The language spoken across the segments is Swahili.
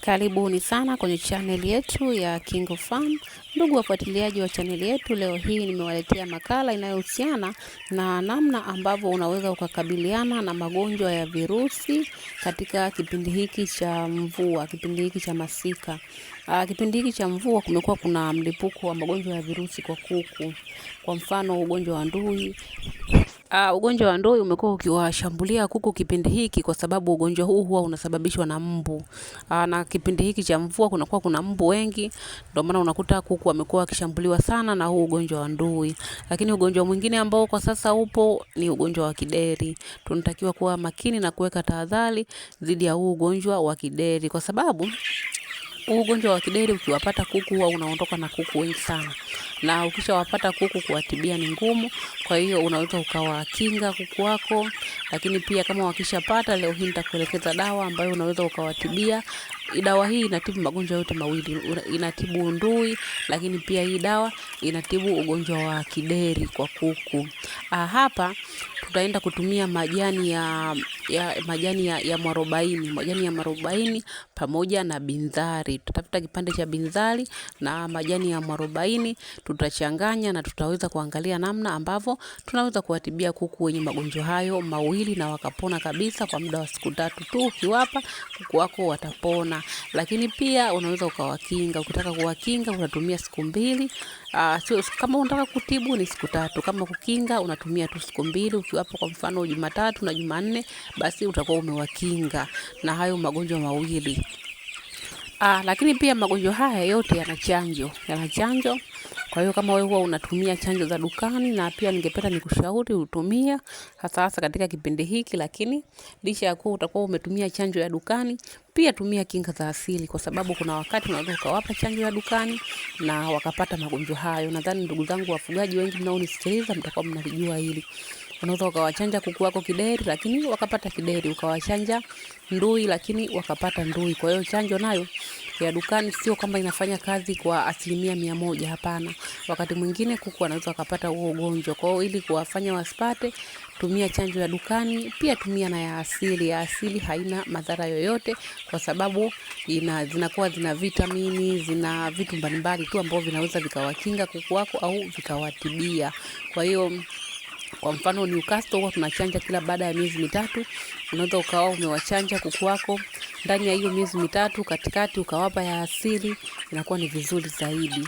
Karibuni sana kwenye chaneli yetu ya Kingo Farm. Ndugu wafuatiliaji wa chaneli yetu, leo hii nimewaletea makala inayohusiana na namna ambavyo unaweza ukakabiliana na magonjwa ya virusi katika kipindi hiki cha mvua, kipindi hiki cha masika. Aa, ah, kipindi hiki cha mvua kumekuwa kuna mlipuko wa magonjwa ya virusi kwa kuku, kwa mfano ugonjwa wa ndui Uh, ugonjwa wa ndui umekuwa ukiwashambulia kuku kipindi hiki kwa sababu ugonjwa huu huwa unasababishwa na mbu. Uh, na kipindi hiki cha mvua kunakuwa kuna mbu wengi, ndio maana unakuta kuku wamekuwa wakishambuliwa sana na huu ugonjwa wa ndui. Lakini ugonjwa mwingine ambao kwa sasa upo ni ugonjwa wa kideri. Tunatakiwa kuwa makini na kuweka tahadhari dhidi ya huu ugonjwa wa kideri kwa sababu huu ugonjwa wa kideri ukiwapata kuku huwa unaondoka na kuku wengi sana, na ukishawapata kuku kuwatibia ni ngumu. Kwa hiyo unaweza ukawakinga kuku wako, lakini pia kama wakishapata, leo hii nitakuelekeza dawa ambayo unaweza ukawatibia. Dawa hii inatibu magonjwa yote mawili, inatibu ndui, lakini pia hii dawa inatibu ugonjwa wa kideri kwa kuku. Ah, hapa tutaenda kutumia majani ya, ya majani ya, ya mwarobaini majani ya mwarobaini pamoja na binzari. Tutafuta kipande cha binzari na majani ya mwarobaini, tutachanganya na tutaweza kuangalia namna ambavyo tunaweza kuwatibia kuku wenye magonjwa hayo mawili na wakapona kabisa kwa muda wa siku tatu tu. Ukiwapa kuku wako watapona, lakini pia unaweza ukawakinga. Ukitaka kuwakinga unatumia siku mbili. Aa, ah, sio, kama unataka kutibu ni siku tatu. Kama kukinga unatumia tu siku mbili. Ukiwapo kwa mfano Jumatatu na Jumanne, basi utakuwa umewakinga na hayo magonjwa mawili. Ah, lakini pia magonjwa haya yote yana chanjo, yana chanjo. Kwa hiyo kama wewe huwa unatumia chanjo za dukani, na pia ningependa nikushauri utumie hasa hasa katika kipindi hiki, lakini licha ya kuwa utakuwa umetumia chanjo ya dukani, pia tumia kinga za asili, kwa sababu kuna wakati unaweza ukawapa chanjo ya dukani na wakapata magonjwa hayo. Nadhani ndugu zangu wafugaji wengi mnaonisikiliza mtakuwa mnalijua hili unaweza ukawachanja kuku wako kideri, lakini wakapata kideri, ukawachanja ndui, lakini wakapata ndui. Kwa hiyo chanjo nayo ya dukani sio kwamba inafanya kazi kwa asilimia mia moja. Hapana, wakati mwingine kuku wanaweza wakapata huo ugonjwa. Kwa hiyo ili kuwafanya wasipate, tumia chanjo ya dukani, pia tumia na ya asili. Ya asili haina madhara yoyote, kwa sababu ina, zinakuwa zina vitamini, zina vitu mbalimbali tu ambavyo vinaweza vikawakinga kuku wako au vikawatibia. Kwa hiyo kwa mfano Newcastle huwa tunachanja kila baada ya miezi mitatu. Unaweza ukawa umewachanja kuku wako ndani ya hiyo miezi mitatu, katikati ukawapa ya asili, inakuwa ni vizuri zaidi.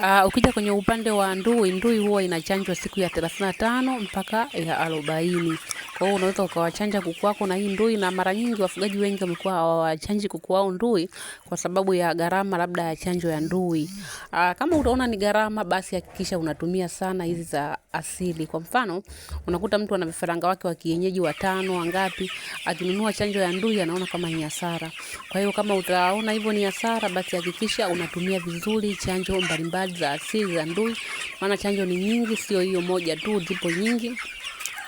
Uh, ukija kwenye upande wa ndui, ndui huwa inachanjwa siku ya 35 mpaka ya arobaini. Kwa hiyo unaweza ukawachanja kuku wako na hii ndui, na mara nyingi wafugaji wengi wamekuwa hawachanji kuku wao ndui kwa sababu ya gharama labda ya chanjo ya ndui. Uh, kama utaona ni gharama, basi hakikisha unatumia sana hizi za asili. Kwa mfano, unakuta mtu ana vifaranga wake wa kienyeji watano wangapi, akinunua chanjo ya ndui anaona kama ni hasara. Kwa hiyo kama utaona hivyo ni hasara, basi hakikisha unatumia vizuri chanjo mbalimbali za asili za ndui, maana chanjo ni nyingi, sio hiyo moja tu, zipo nyingi.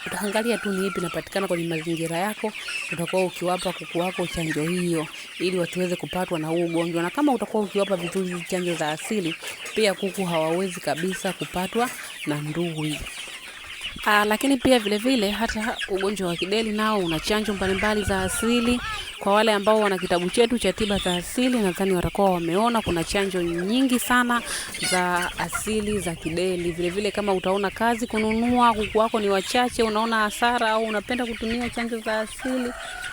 Utaangalia tu ni ipi inapatikana kwenye mazingira yako, utakuwa ukiwapa kuku wako chanjo hiyo ili wasiweze kupatwa na huu ugonjwa. Na kama utakuwa ukiwapa vizuri chanjo za asili, pia kuku hawawezi kabisa kupatwa na ndui. Aa, ah, lakini pia vilevile vile, hata ugonjwa wa kideli nao una chanjo mbalimbali za asili kwa wale ambao wana kitabu chetu cha tiba za asili, nadhani watakuwa wameona kuna chanjo nyingi sana za asili za kideli. Vile vile kama utaona kazi kununua, kuku wako ni wachache, unaona hasara au unapenda kutumia chanjo za asili,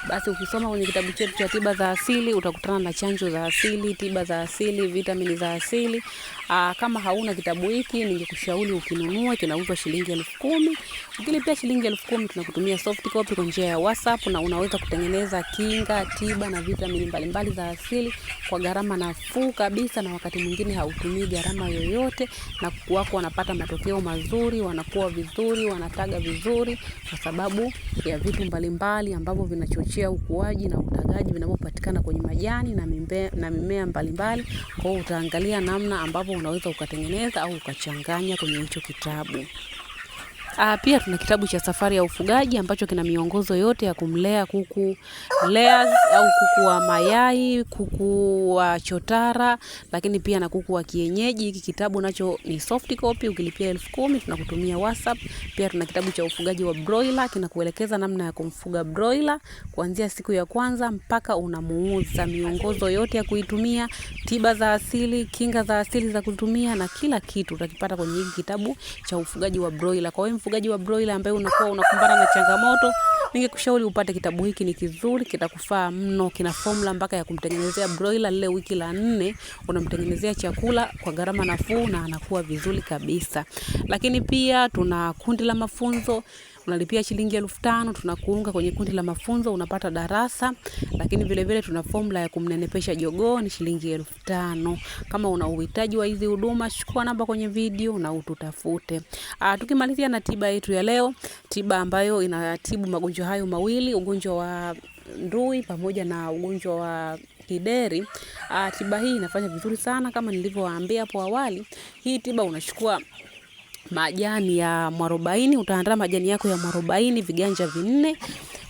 basi ukisoma kwenye kitabu chetu cha tiba za asili utakutana na chanjo za asili, tiba za asili, vitamini za asili. Aa, ah, kama hauna kitabu hiki ningekushauri ukinunua, kinauzwa shilingi elfu kumi. Ukilipia shilingi elfu kumi tunakutumia soft copy kwa njia ya WhatsApp na unaweza kutengeneza kinga madawa tiba na vitamini mbalimbali za asili kwa gharama nafuu kabisa, na wakati mwingine hautumii gharama yoyote, na kuku wako wanapata matokeo mazuri, wanakuwa vizuri, wanataga vizuri, kwa sababu ya vitu mbalimbali ambavyo vinachochea ukuaji na utagaji vinavyopatikana kwenye majani na mimea, na mimea mbalimbali. Kwa hiyo utaangalia namna ambavyo unaweza ukatengeneza au ukachanganya kwenye hicho kitabu. Aa, ah, pia tuna kitabu cha safari ya ufugaji ambacho kina miongozo yote ya kumlea kuku layers, au kuku wa mayai, kuku wa chotara, lakini pia na kuku wa kienyeji. Hiki kitabu nacho ni soft copy, ukilipia elfu kumi tunakutumia WhatsApp. Pia tuna kitabu cha ufugaji wa broiler kinakuelekeza namna ya kumfuga broiler kuanzia siku ya kwanza mpaka unamuuza, miongozo yote ya kuitumia, tiba za asili, kinga za asili za kutumia na kila kitu utakipata kwenye hiki kitabu cha ufugaji wa broiler. Kwa hiyo ufugaji wa broiler ambaye unakuwa unakumbana na changamoto, ningekushauri upate kitabu hiki. Ni kizuri, kitakufaa mno. Kina formula mpaka ya kumtengenezea broiler. Lile wiki la nne unamtengenezea chakula kwa gharama nafuu na anakuwa vizuri kabisa. Lakini pia tuna kundi la mafunzo unalipia shilingi elfu tano tunakuunga kwenye kundi la mafunzo, unapata darasa, lakini vile vile tuna formula ya kumnenepesha jogoo ni shilingi elfu tano. Kama una uhitaji wa hizi huduma, chukua namba kwenye video na ututafute. Ah, tukimalizia na tiba yetu ya leo, tiba ambayo inatibu magonjwa hayo mawili, ugonjwa wa ndui pamoja na ugonjwa wa kideri. Ah, tiba hii inafanya vizuri sana kama nilivyowaambia hapo awali. Hii tiba unachukua majani ya mwarobaini. Utaandaa majani yako ya mwarobaini viganja vinne.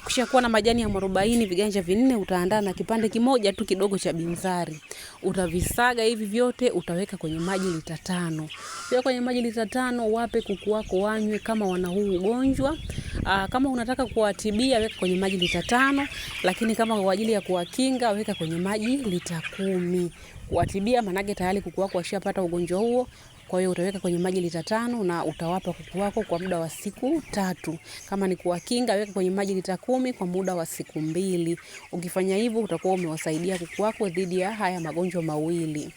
Kisha kuwa na majani ya mwarobaini viganja vinne, utaandaa na kipande kimoja tu kidogo cha binzari. Utavisaga hivi vyote, utaweka kwenye maji lita tano. Pia kwenye maji lita tano, wape kuku wako wanywe kama wana huu ugonjwa. Aa, ah, kama unataka kuwatibia weka kwenye maji lita tano, lakini kama kwa ajili ya kuwakinga weka kwenye maji lita kumi. Kuwatibia manake tayari kuku wako washapata ugonjwa huo, kwa hiyo utaweka kwenye maji lita tano na utawapa kuku wako kwa muda wa siku tatu. Kama ni kuwakinga, weka kwenye maji lita kumi kwa muda wa siku mbili. Ukifanya hivyo, utakuwa umewasaidia kuku wako dhidi ya haya magonjwa mawili.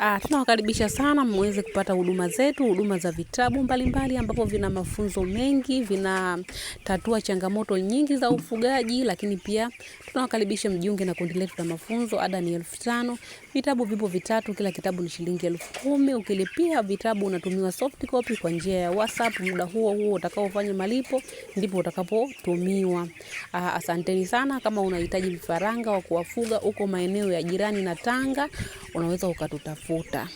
Ah, tunawakaribisha sana mweze kupata huduma zetu, huduma za vitabu mbalimbali ambapo vina mafunzo mengi, vinatatua changamoto nyingi za ufugaji, lakini pia tunawakaribisha mjiunge na kundi letu la mafunzo. Ada ni elfu tano. Vitabu vipo vitatu, kila kitabu ni shilingi elfu kumi. Ukilipia vitabu unatumiwa soft copy kwa njia ya WhatsApp. Muda huo huo utakaofanya malipo ndipo utakapotumiwa. Ah, asanteni sana. Kama unahitaji vifaranga wa kuwafuga uko maeneo ya jirani na Tanga, unaweza ukatutafuta Water.